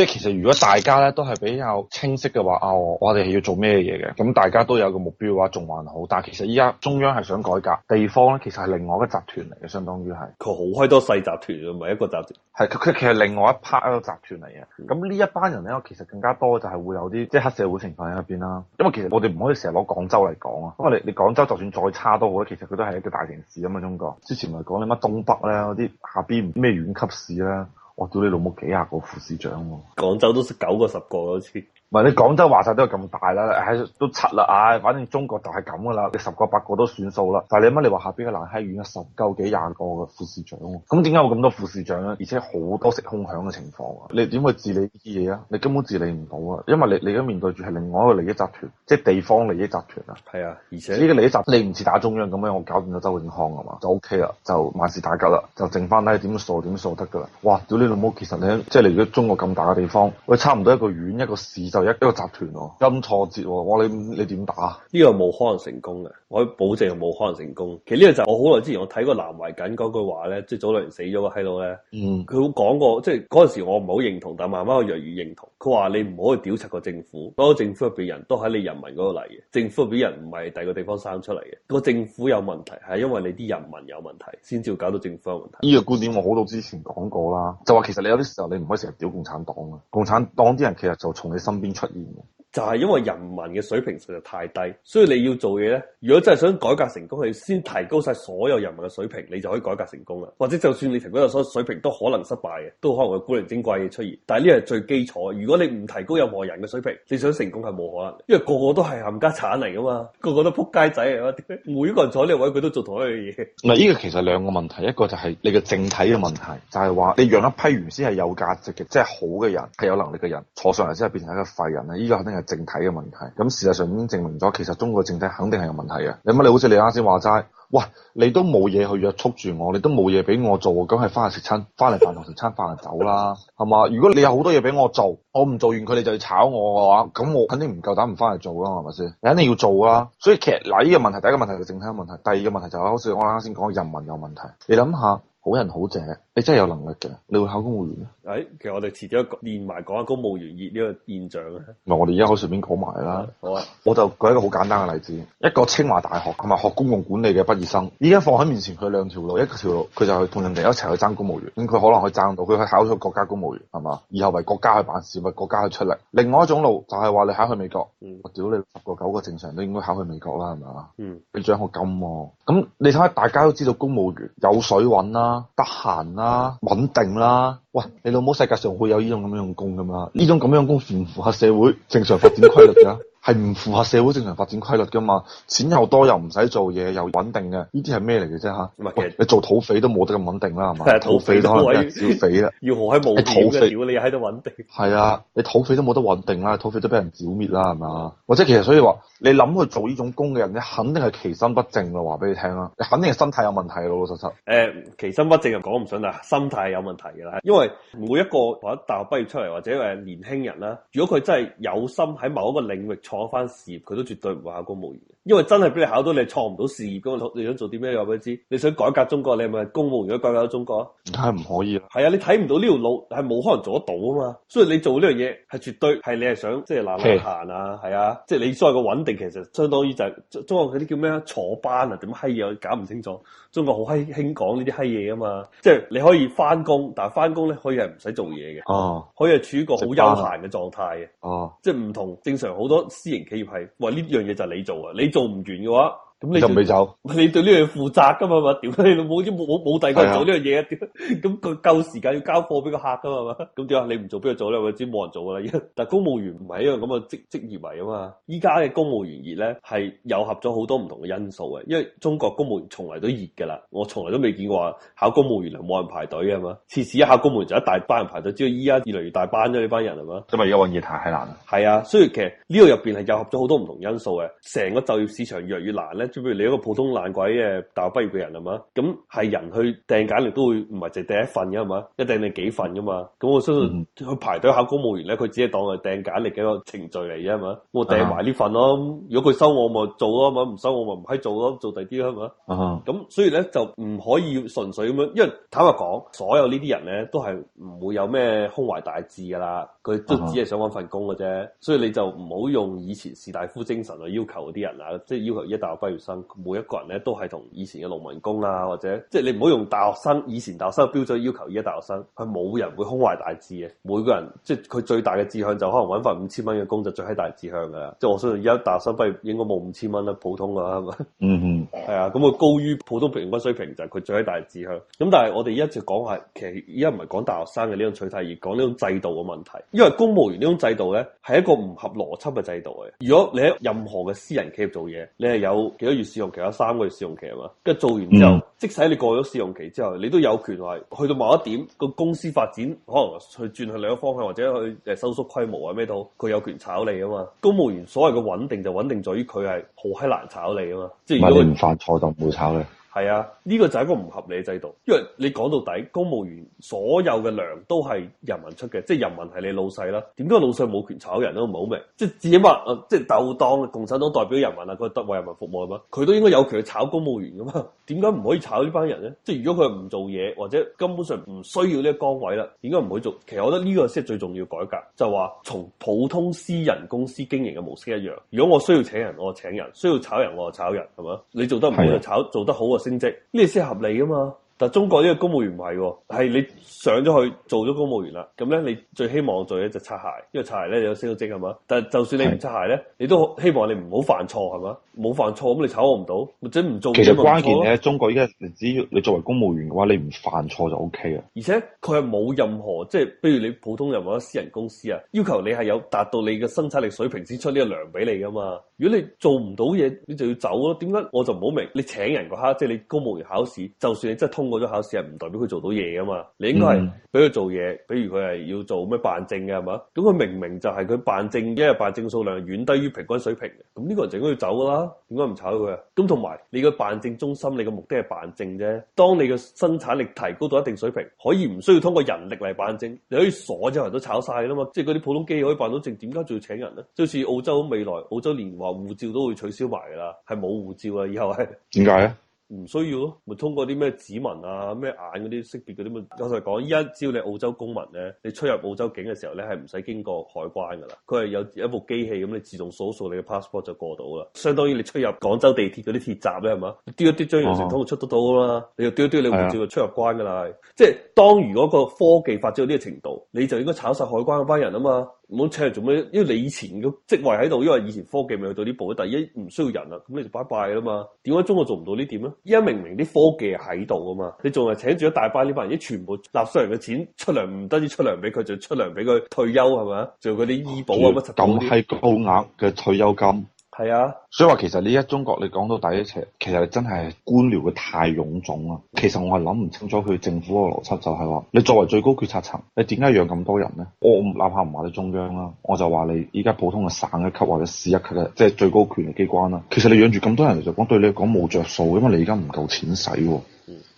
即係其實，如果大家咧都係比較清晰嘅話，啊、哦，我哋係要做咩嘢嘅？咁大家都有個目標嘅話，仲還好。但係其實依家中央係想改革，地方咧其實係另外一個集團嚟嘅，相當於係佢好開多細集團啊，唔係一個集團。係佢其實另外一 part 一個集團嚟嘅。咁呢一班人咧，其實更加多就係會有啲即係黑社會情況喺入邊啦。因為其實我哋唔可以成日攞廣州嚟講啊。因為你你廣州就算再差都好，其實佢都係一個大城市咁、啊、嘛。中國。之前咪講你乜東北咧嗰啲下邊咩縣級市咧？我屌你老母幾廿個副市長喎，啊，廣州都成九個十個好似。唔係你廣州話晒都咁大啦，喺都七啦，唉，反正中國就係咁噶啦，你十個八個都算數啦。但係你乜你話下邊嘅蘭溪縣十嚿幾廿個嘅副市長，咁點解有咁多副市長咧？而且好多食空餉嘅情況，你點去治理呢啲嘢啊？你根本治理唔到啊，因為你你而家面對住係另外一個利益集團，即係地方利益集團啊。係啊，而且呢個利益集你唔似打中央咁樣，我搞掂咗周永康啊嘛，就 OK 啦，就萬事大吉啦，就剩翻睇點數點數得噶啦。哇，屌你老母，其實你即係嚟咗中國咁大嘅地方，我差唔多一個縣一個市一個集團哦，陰錯節，哇，你你點打？呢個冇可能成功嘅，我可以保證冇可能成功。其實呢個就我好耐之前我睇過南懷瑾嗰句話咧，即係祖龍死咗個喺度咧，佢好、嗯、講過，即係陣時我唔係好認同，但係慢慢我越嚟越認同。佢話：你唔可以屌柒個政府，所有政府入邊人都喺你人民嗰度嚟嘅，政府入邊人唔係第二個地方生出嚟嘅。個政府有問題係因為你啲人民有問題，先至搞到政府有問題。呢個觀點我好早之前講過啦，就話其實你有啲時候你唔可以成日屌共產黨啊，共產黨啲人其實就從你身邊出現嘅。就係因為人民嘅水平實在太低，所以你要做嘢咧。如果真係想改革成功，你先提高晒所有人民嘅水平，你就可以改革成功啦。或者就算你提高咗所有水平，都可能失敗嘅，都可能會古靈精怪嘅出現。但係呢個係最基礎。如果你唔提高任何人嘅水平，你想成功係冇可能，因為個個都係冚家鏟嚟噶嘛，個個都撲街仔啊！每個人坐呢個位，佢都做同一樣嘢。嗱，呢個其實兩個問題，一個就係你嘅整體嘅問題，就係話你養一批原先係有價值嘅，即係好嘅人，係有能力嘅人，坐上嚟先係變成一個廢人啊！呢個肯定政體嘅問題，咁事實上已經證明咗，其實中國政體肯定係有問題嘅。你乜你好似你啱先話齋，喂，你都冇嘢去約束住我，你都冇嘢俾我做，梗係翻嚟食餐，翻嚟飯堂食餐飯就走啦，係嘛？如果你有好多嘢俾我做，我唔做完佢哋就要炒我嘅話，咁我肯定唔夠膽唔翻嚟做啦，係咪先？你肯定要做啊！所以其實嗱，呢個問題第一個問題就係政體嘅問題，第二個問題就係好似我啱先講嘅人民有問題，你諗下。好人好者，你、欸、真係有能力嘅，你會考公務員咩？誒、欸，其實我哋遲啲一個連埋講下公務員熱呢個現象咧。唔係，我哋而家可以順便講埋啦。我、啊啊、我就舉一個好簡單嘅例子，一個清華大學同埋學公共管理嘅畢業生，依家放喺面前佢兩條路，一條路佢就去同人哋一齊去爭公務員，咁、嗯、佢、嗯、可能去爭到，佢去考咗國家公務員，係嘛？以後為國家去辦事，為國家去出力。另外一種路就係話你考去美國，嗯、我屌你十個九個正常都應該考去美國啦，係嘛？嗯，俾獎學金喎。咁你睇下，大家都知道公務員有水揾啦、啊。啊、得閒啦、啊，穩定啦、啊，喂，你老母世界上會有呢種咁樣嘅工噶嘛？呢種咁樣嘅工符唔符合社會正常發展規律噶？ 係唔符合社會正常發展規律㗎嘛？錢又多又唔使做嘢又穩定嘅，呢啲係咩嚟嘅啫嚇？唔係是，你做土匪都冇得咁穩定啦，係嘛？係土匪都可能俾人剿匪啦， 要坐喺冇土嘅屌，你又喺度穩定。係 啊，你土匪都冇得穩定啦，土匪都俾人剿滅啦，係嘛？或者其實所以話，你諗去做呢種工嘅人咧，肯定係其心不正嘅，話俾你聽啦。你肯定係心態有問題咯，老實實。誒、呃，其心不正就講唔準啦，心態有問題嘅啦。因為每一個或者大學畢業出嚟或者誒年輕人啦，如果佢真係有心喺某一個領域。坐翻事業，佢都絕對唔會考公務員。因為真係俾你考到，你係創唔到事業嘅。你想做啲咩嘢話俾佢知？你想改革中國，你係咪公務員都改革到中國啊？唔係唔可以啦。係啊，你睇唔到呢條路係冇可能做得到啊嘛。所以你做呢樣嘢係絕對係你係想即係懶懶閒啊，係啊，即係你所謂嘅穩定，其實相當於就係、是、中國嗰啲叫咩啊坐班啊，點樣閪嘢，搞唔清楚。中國好閪興講呢啲閪嘢啊嘛。即係你可以翻工，但係翻工咧可以係唔使做嘢嘅。哦，可以係、啊、處於一個好悠閒嘅狀態嘅。哦、啊，啊、即係唔同正常好多。私營企業係話呢樣嘢就係你做啊，你做唔完嘅話。咁你又唔去走？你對呢樣負責噶嘛嘛？屌你老母，冇冇冇第個人做呢樣嘢啊！屌，咁佢夠時間要交貨俾個客噶嘛嘛？咁點啊？你唔做邊個做咧？我知冇人做噶啦。但係公務員唔係一樣咁嘅職職業位啊嘛。依家嘅公務員熱咧係糅合咗好多唔同嘅因素嘅。因為中國公務員從來都熱噶啦，我從來都未見過考公務員冇人排隊係嘛。次次一考公務員就一大班人排隊，只要依家越嚟越大班咗呢班人係嘛。因為而家越熱係難啊。係啊，所以其實呢度入邊係糅合咗好多唔同因素嘅。成個就業市場越嚟越難咧。即譬如你一個普通爛鬼嘅大學畢業嘅人係嘛，咁係人去掟簡歷都會唔係淨掟一份嘅係嘛，一定係幾份噶嘛。咁我相信去排隊考公務員咧，佢只係當係掟簡歷嘅一個程序嚟啫嘛。我掟埋呢份咯，uh huh. 如果佢收我咪做咯，唔收我咪唔可以做咯，做第啲咯。咁、uh huh. 所以咧就唔可以純粹咁樣，因為坦白講，所有呢啲人咧都係唔會有咩胸懷大志噶啦，佢都只係想搵份工嘅啫。所以你就唔好用以前士大夫精神去要求啲人啊，即係要求一大學畢業。生每一個人咧都係同以前嘅農民工啊，或者即係你唔好用大學生以前大學生嘅標準要求依家大學生，佢冇人會胸懷大志嘅。每個人即係佢最大嘅志向就可能搵份五千蚊嘅工就最喺大志向噶啦。即係我相信而家大學生畢業應該冇五千蚊啦，普通噶啦。嗯嗯哼，係 啊，咁佢高於普通平均水平就係、是、佢最喺大志向。咁但係我哋一直就講係其實依家唔係講大學生嘅呢種取態，而講呢種制度嘅問題。因為公務員呢種制度咧係一個唔合邏輯嘅制度嘅。如果你喺任何嘅私人企業做嘢，你係有幾一個月試用期，有三個月試用期啊嘛？跟住做完之後，嗯、即使你過咗試用期之後，你都有權話，去到某一點個公司發展，可能去轉去兩個方向，或者去誒收縮規模啊咩都，佢有權炒你啊嘛。公務員所謂嘅穩定就穩定在於佢係好閪難炒你啊嘛。即係是如果唔犯錯就唔會炒嘅。係 啊，呢、這個就係一個唔合理嘅制度，因為你講到底，公務員所有嘅糧都係人民出嘅，即係人民係你老細啦。點解老細冇權炒人咧？冇明，即係只係話，即係就當共產黨代表人民啊，佢為人民服務啊嘛，佢都應該有權去炒公務員噶嘛？點解唔可以炒呢班人呢？即係如果佢唔做嘢，或者根本上唔需要呢個崗位啦，點解唔可以做？其實我覺得呢個先係最重要改革，就話從普通私人公司經營嘅模式一樣。如果我需要請人，我請人；需要炒人，我就炒人，係嘛？你做得唔好就炒、 啊，做得好，做得好升職呢係合理噶嘛？但中國呢個公務員唔係喎，係你上咗去做咗公務員啦，咁咧你最希望做嘅就擦鞋，因為擦鞋咧有升到職係嘛。但係就算你唔擦鞋咧，是你都希望你唔好犯錯係嘛？冇犯錯咁你炒我唔到，或者唔做。其實關鍵咧，中國依家只要你作為公務員嘅話，你唔犯錯就 OK 啦。而且佢係冇任何即係，譬如你普通人或者私人公司啊，要求你係有達到你嘅生產力水平先出呢個糧俾你㗎嘛。如果你做唔到嘢，你就要走咯。點解我就唔好明？你請人嗰刻，即係你公務員考試，就算你真係通過咗考試係唔代表佢做到嘢噶嘛？你應該係俾佢做嘢，嗯、比如佢係要做咩辦證嘅係嘛？咁佢明明就係佢辦證，因為辦證數量遠低於平均水平嘅。咁呢個人就應該要走噶啦，點解唔炒佢啊？咁同埋你個辦證中心，你嘅目的係辦證啫。當你嘅生產力提高到一定水平，可以唔需要通過人力嚟辦證，你可以所有人都炒晒啦嘛。即係嗰啲普通機器可以辦到證，點解仲要請人咧？即好似澳洲未來澳洲連話護照都會取消埋噶啦，係冇護照啊，以後係點解咧？ 唔需要咯，咪通過啲咩指紋啊、咩眼嗰啲識別嗰啲咪。老實講依家，只要你澳洲公民咧，你出入澳洲境嘅時候咧係唔使經過海關噶啦。佢係有一部機器咁，你自動數數你嘅 passport 就過到啦。相當於你出入廣州地鐵嗰啲鐵閘咧，係嘛？丟一丟張羊城通就出得到啦、哦。你就丟一丟你護照就出入關噶啦。哎、呀即係當如果個科技發展到呢個程度，你就應該炒晒海關嗰班人啊嘛。唔好請嚟做咩？因為你以前嘅職位喺度，因為以前科技未去到呢步，而家唔需要人啦，咁你就拜拜啦嘛。點解中國做唔到呢點咧？依家明明啲科技喺度啊嘛，你仲係請住一大班呢班人，而家全部納稅人嘅錢出糧唔得，要出糧俾佢就出糧俾佢退休係咪？就嗰啲醫保啊乜咁係高額嘅退休金。係啊，Yeah. 所以話其實呢一中國，你講到到底，其實你真係官僚嘅太臃腫啦。其實我係諗唔清楚佢政府個邏輯就係話，你作為最高決策層，你點解養咁多人呢？我唔哪怕唔話你中央啦，我就話你依家普通嘅省一級或者市一級嘅，即係最高權力機關啦。其實你養住咁多人嚟，就講對你嚟講冇着數，因為你而家唔夠錢使啊。Mm.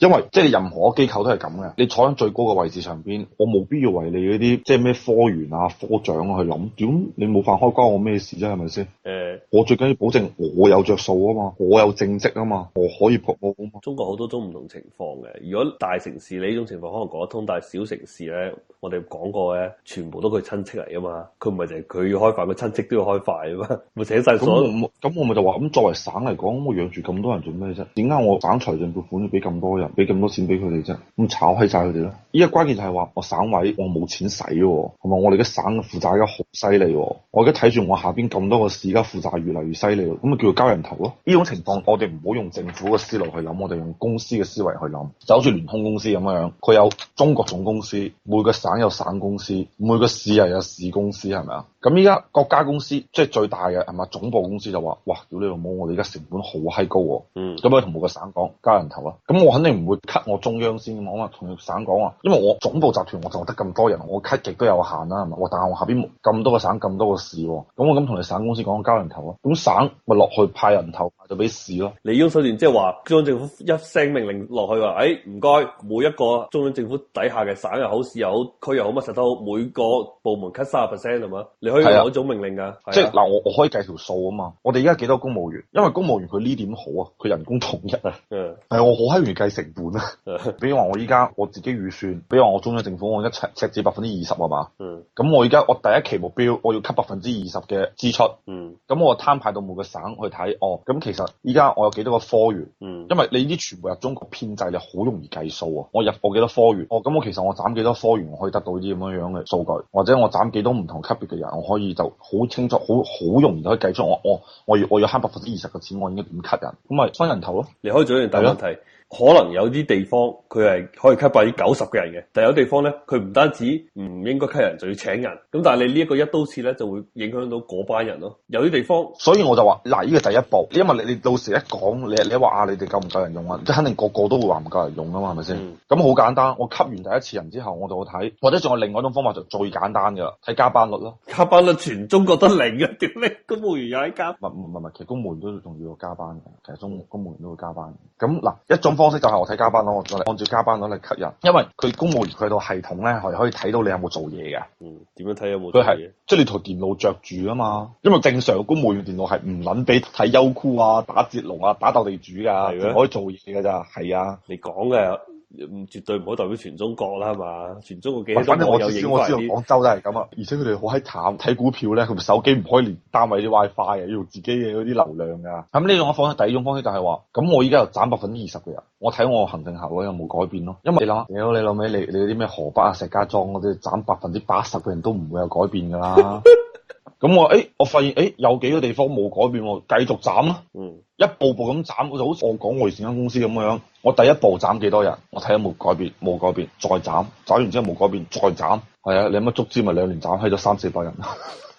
因為即係任何機構都係咁嘅，你坐喺最高嘅位置上邊，我冇必要為你嗰啲即係咩科員啊科長啊去諗點，你冇飯開關我咩事啫啊？係咪先？Yeah. 我最緊要保證我有着數啊嘛，我有政績啊嘛，我可以博。我中國好多種唔同情況嘅，如果大城市你呢種情況可能講得通，但係小城市咧，我哋講過咧，全部都佢親戚嚟啊嘛，佢唔係就係佢要開快，佢親戚都要開快啊嘛，咪請晒所咁、嗯嗯嗯嗯、我咪就話咁、嗯，作為省嚟講、嗯，我養住咁多人做咩啫？點解我省財政撥款要俾咁多人，俾咁多錢俾佢哋啫？咁、嗯、炒起晒佢哋咧。依、這、家、個、關鍵就係話，我省委我冇錢使，係咪？我哋嘅、哦、省嘅負債而家好犀利，我而家睇住我下邊咁多個市家越越就係越嚟越犀利，咁咪叫做交人頭咯。呢種情況，我哋唔好用政府嘅思路去諗，我哋用公司嘅思維去諗，就好似聯通公司咁樣樣。佢有中國總公司，每個省有省公司，每個市又有市公司，係咪啊？咁依家國家公司即係最大嘅係嘛？總部公司就話：哇！屌你老母，我哋而家成本好閪高喎。嗯。咁我同每個省講交人頭啦。咁我肯定唔會 cut 我中央先嘛，我咪同省講啊。因為我總部集團我就得咁多人，我 cut 極都有限啦，係嘛？哇！但係我下邊咁多個省、咁多個市、啊，咁我咁同你省公司講交人頭啦。咁省咪落去派人頭就俾市咯。你腰手段即係話，中央政府一聲命令落去話：誒唔該，每一個中央政府底下嘅省又好，好、市又好、區又好乜柒都好，每個部門 cut 卅 percent 係嘛？你佢係啊，嗰種命令㗎，即係嗱，我我可以計條數啊嘛。我哋而家幾多公務員？因為公務員佢呢點好啊，佢人工統一啊。嗯。係我好閪容易計成本啊。比如話我依家我自己預算，比如話我中央政府我一赤赤字百分之二十係嘛？嗯。咁我而家我第一期目標我要吸百分之二十嘅支出。嗯。咁、嗯、我攤派到每個省去睇，哦，咁其實依家我有幾多個科員？嗯。因為你啲全部入中國編制，你好容易計數啊。我入過幾多科員？哦，咁我其實我斬幾多科員可以得到呢啲咁樣樣嘅數據，或者我斬幾多唔同級別嘅人？可以就好清楚，好好容易就可以計出我我我要我要慳百分之二十嘅錢，我應該點吸引？咁咪分人頭咯。離開咗呢樣大問題。可能有啲地方佢係可以吸百分之九十嘅人嘅，但有啲地方咧佢唔單止唔應該吸人，就要請人。咁但係你呢一個一刀切咧，就會影響到嗰班人咯。有啲地方，所以我就話嗱，呢、這個第一步，因為你你到時一講你你話啊，你哋夠唔夠人用啊？即係肯定個個都會話唔夠人用啊嘛，係咪先？咁好、嗯、簡單，我吸完第一次人之後，我就會睇。或者仲有另外一種方法就最簡單嘅，睇加班率咯。加班率全中國都零嘅，點咩公務員又喺加？唔唔唔其實公務員都仲要加班嘅。其實中公務員都會加班咁嗱一種方式就係我睇加班率，我嚟按照加班率嚟吸引，因為佢公務員佢套系統咧係可以睇到你有冇做嘢嘅。嗯，點樣睇有冇？佢係即係你台電腦着住啊嘛。因為正常公務員電腦係唔撚俾睇優酷啊、打接龍啊、打鬥地主㗎，只可以做嘢㗎咋。係啊，你講嘅。唔絕對唔可以代表全中國啦，係嘛？全中國幾多我友我知道，啲？廣州都係咁啊，而且佢哋好閪慘，睇股票咧，佢手機唔可以連單位啲 WiFi 啊，Fi, 要用自己嘅嗰啲流量噶。咁呢種嘅方式，第二種方式就係話，咁我依家，又斬百分之二十嘅人，我睇我行政效果有冇改變咯？因為你諗，你諗你諗咩？你你啲咩河北啊、石家莊嗰啲，斬百分之八十嘅人都唔會有改變噶啦。 咁我，誒、欸，我發現，誒、欸，有幾個地方冇改變、啊，繼續斬啦、啊，嗯、一步步咁斬，就好似我講我以前間公司咁樣，我第一步斬幾多人，我睇下冇改變，冇改變，再斬，斬完之後冇改變，再斬，係啊，你乜足之咪兩年斬，去咗三四百人。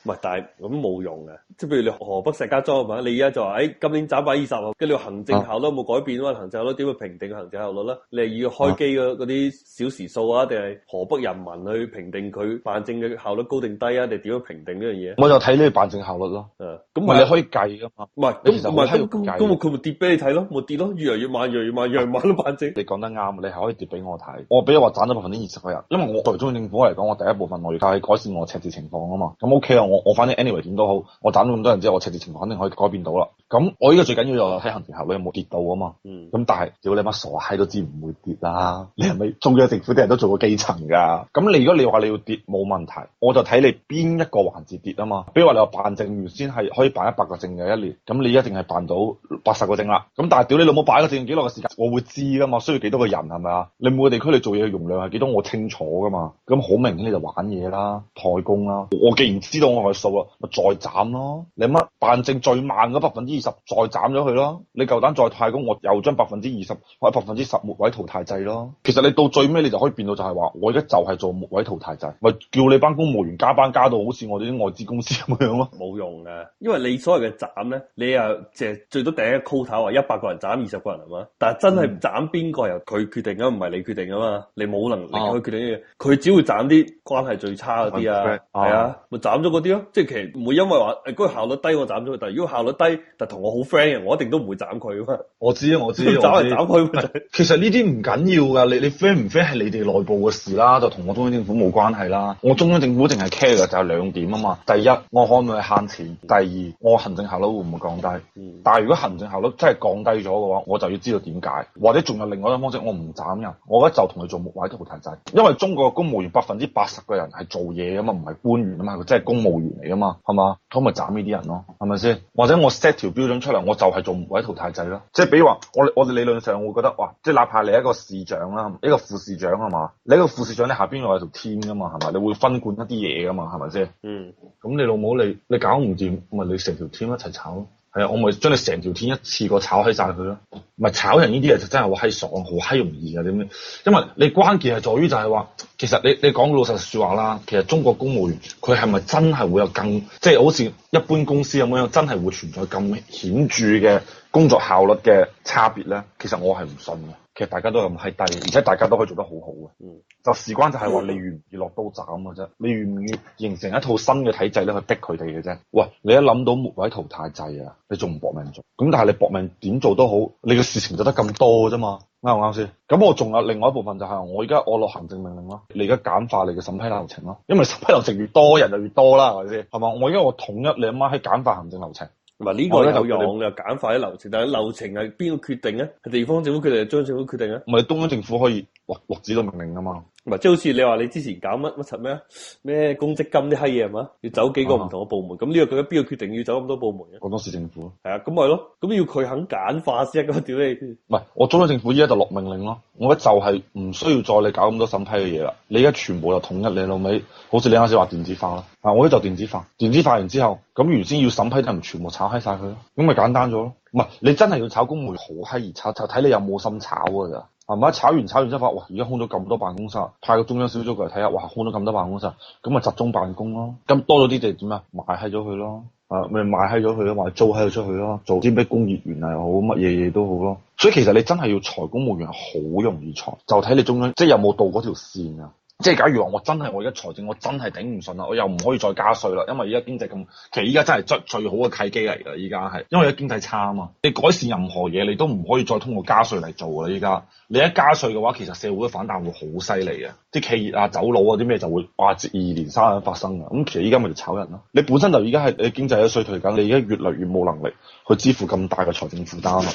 唔係，但係咁冇用嘅。即係譬如你河北石家莊啊嘛，你而家就話誒、欸、今年賺百二十喎，跟住行政效率有冇改變啊？行政效率點樣評定行政效率咧？你係要開機嗰啲小時數啊，定係河北人民去評定佢辦證嘅效率高定低啊？定點樣評定呢樣嘢？我就睇呢個辦證效率咯。誒、啊，咁咪不你可以計啊嘛。唔係不，咁唔係佢佢跌俾你睇咯，冇跌咯，越嚟越慢，越嚟越慢，越嚟慢都辦證。 你講得啱，你係可以跌俾我睇。我比你話賺咗百分之二十嗰人。因為我中央政府嚟講，我第一部分我要靠改善我赤字情況啊嘛。咁 OK 啊。我我反正 anyway 點都好，我斬咗咁多人之後，我直接情況肯定可以改變到啦。咁我依家最緊要就睇行政效率有冇跌到啊嘛。咁、嗯、但係屌你媽傻閪都知唔會跌啦。你係咪中央政府啲人都做過基層㗎？咁你如果你話你要跌冇問題，我就睇你邊一個環節跌啊嘛。比如話你話辦證員先係可以辦一百個證嘅一年，咁你一定係辦到八十個證啦。咁但係屌你老母辦個證幾耐嘅時間，我會知㗎嘛。需要幾多個人係咪啊？你每個地區你做嘢嘅容量係幾多，我清楚㗎嘛。咁好明顯你就玩嘢啦，怠工啦。我既然知道我。外數啦，咪再斬咯！你乜辦證最慢嗰百分之二十，再斬咗佢咯！你夠膽再太公，我又將百分之二十或者百分之十末位淘汰制咯！其實你到最尾，你就可以變到就係話，我而家就係做末位淘汰制，咪叫你班公務員加班加到好似我哋啲外資公司咁樣咯，冇用嘅，因為你所謂嘅斬咧，你又即係最多第一個 quota 話一百個人斬二十個人係嘛？但係真係斬邊個由佢決定嘅，唔係你決定嘅嘛？你冇能力去決定嘅，佢、啊、只會斬啲關係最差嗰啲啊，係啊，啊，咪斬咗嗰啲。即係其實唔會因為話嗰個效率低我斬咗佢，但係如果效率低，但同我好 friend 嘅，我一定都唔會斬佢噶嘛。我知我知，斬嚟斬去。其實呢啲唔緊要噶，你你 friend 唔 friend 係你哋內部嘅事啦，就同我中央政府冇關係啦。我中央政府淨係 care 嘅就係兩點啊嘛。第一，我可唔可以慳錢？第二，我行政效率會唔會降低？但係如果行政效率真係降低咗嘅話，我就要知道點解，或者仲有另外一種方式，我唔斬人，我而家就同佢做木位都好嘅嘢。因為中國公務員百分之八十嘅人係做嘢啊嘛，唔係官員啊嘛，佢真係公務員嚟啊嘛，係嘛，咁咪斬呢啲人咯，係咪先？或者我 set 條標準出嚟，我就係做唔鬼淘汰制咯。即係比如話，我我哋理論上會覺得，哇！即係哪怕你一個市長啦，一個副市長係嘛，你一個副市長你下邊又有條 team 噶嘛，係咪？你會分管一啲嘢噶嘛，係咪先？嗯，咁你老母你你搞唔掂，咪你成條 team 一齊炒咯。係啊，我咪將你成條天一次過炒起晒佢咯，咪炒人呢啲嘢就真係好閪爽，好閪容易㗎？點解？因為你關鍵係在於就係話，其實你你講老實説話啦，其實中國公務員佢係咪真係會有更即係、就係、好似一般公司咁樣，真係會存在咁顯著嘅工作效率嘅差別咧？其實我係唔信嘅。其實大家都咁係低，而且大家都可以做得好好嘅。嗯，就事關就係話你願唔願落刀斬嘅啫，你願唔願形成一套新嘅體制咧去逼佢哋嘅啫。喂，你一諗到末位淘汰制啊，你仲唔搏命做？咁但係你搏命點做都好，你嘅事情就得咁多嘅啫嘛，啱唔啱先？咁我仲有另外一部分就係我而家我落行政命令咯，你而家簡化你嘅審批流程咯，因為審批流程越多人就越多啦，係咪先？係嘛，我而家我統一你阿媽喺簡化行政流程。嗱，呢個咧有用嘅簡化啲流程，但係流程係邊個決定咧？係地方政府決定，定中央政府決定咧？唔係中央政府可以落落指導命令啊嘛。唔係，即係好似你話你之前搞乜乜柒咩？咩公積金啲閪嘢係嘛？要走幾個唔同嘅部門，咁呢個佢邊個決定要走咁多部門嘅？廣東市政府、啊、咯。係啊，咁咪咯。咁要佢肯簡化先得。我屌你！唔係，我中央政府依家就落命令咯。我一就係唔需要再你搞咁多審批嘅嘢啦。你而家全部就統一你老味，好似你啱先話電子化啦。啊，我呢就電子化。電子化完之後，咁原先要審批啲人全部炒閪晒佢咯。咁咪簡單咗咯。唔係，你真係要炒公務員好閪易炒，就睇你有冇心炒㗎咋。唔好炒完炒完之後發，哇！而家空咗咁多辦公室，派個中央小組過嚟睇下，哇！空咗咁多辦公室，咁啊集中辦公咯，咁多咗啲地點啊？賣喺咗佢咯，啊咪賣喺咗佢咯，或租喺度出去咯，做啲咩工業園啊好，乜嘢嘢都好咯，所以其實你真係要裁公務員，好容易裁。就睇你中央即係有冇到嗰條線啊。即係假如話我真係我而家財政我真係頂唔順啦，我又唔可以再加稅啦，因為而家經濟咁，其實而家真係最最好嘅契機嚟噶，而家係因為而家經濟差啊嘛，你改善任何嘢你都唔可以再通過加稅嚟做啦，而家你一加稅嘅話，其實社會嘅反彈會好犀利嘅，啲企業啊走佬啊啲咩就會哇接二連三咁發生啊，咁其實而家咪就炒人咯，你本身就而家係你經濟嘅衰退緊，你而家越嚟越冇能力去支付咁大嘅財政負擔啊。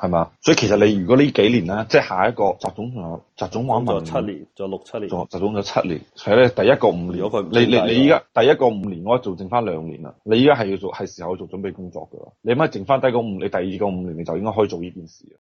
係嘛？所以其實你如果呢幾年咧，即係下一個習總仲有習總玩埋，七年，就六七年，習總咗七年，所以咧第一個五年，你你你而家第一個五年，我做剩翻兩年啦。你而家係要做係時候做準備工作㗎。你乜剩翻低個五？你第二個五年你就應該可以做呢件事。